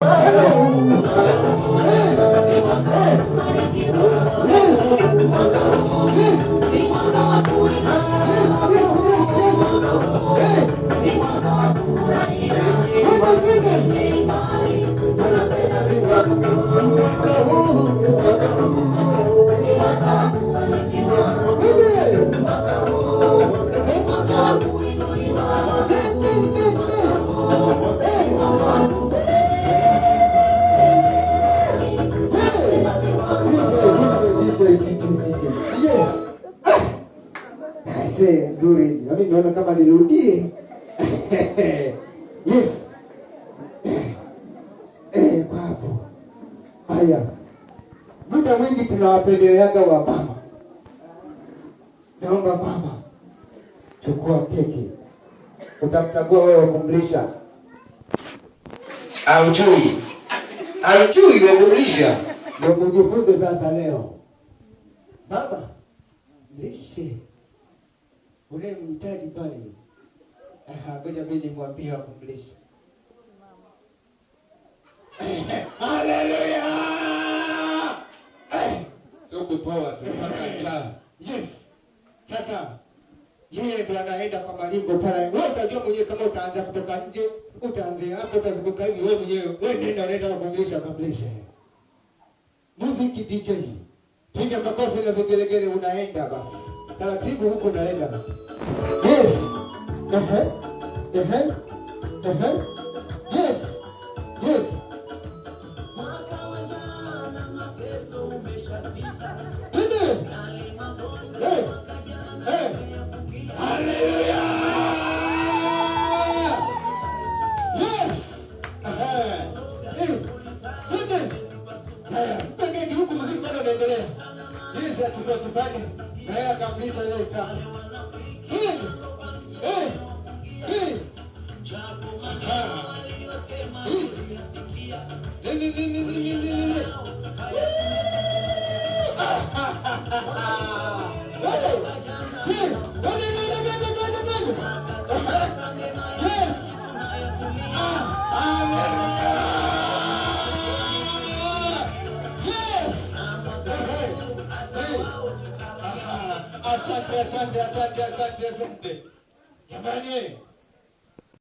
Thank you. mzuri nzuri. Mimi naona kama nirudie. Yes. Eh, babu. Eh, Haya. Muda mwingi tunawapendeleaga wa mama. Naomba mama, chukua keki. Utamchagua wewe kumlisha. Aujui. Aujui wa kumlisha. Ndio mjifunze sasa leo. Baba, mlishe ule mhitaji pale, ngoja mimi nimwambie wa kumlisha. Haleluya! Eh! Sio kupoa tu mpaka eh, Yes. Sasa yeye ndiye anaenda kwa malingo pale. Wewe utajua mwenyewe kama utaanza kutoka nje, utaanzia hapo utazunguka hivi wewe mwenyewe. Wewe nenda unaenda kumlisha kumlisha. Muziki DJ. Piga makofi na vigelegele unaenda basi taratibu huko naenda. Yes. Ehe. Ehe. Ehe. Yes. Yes. Muziki bado unaendelea. Eh, kabisa ile taa. Asante, asante, asante, asante, asante. Jamani.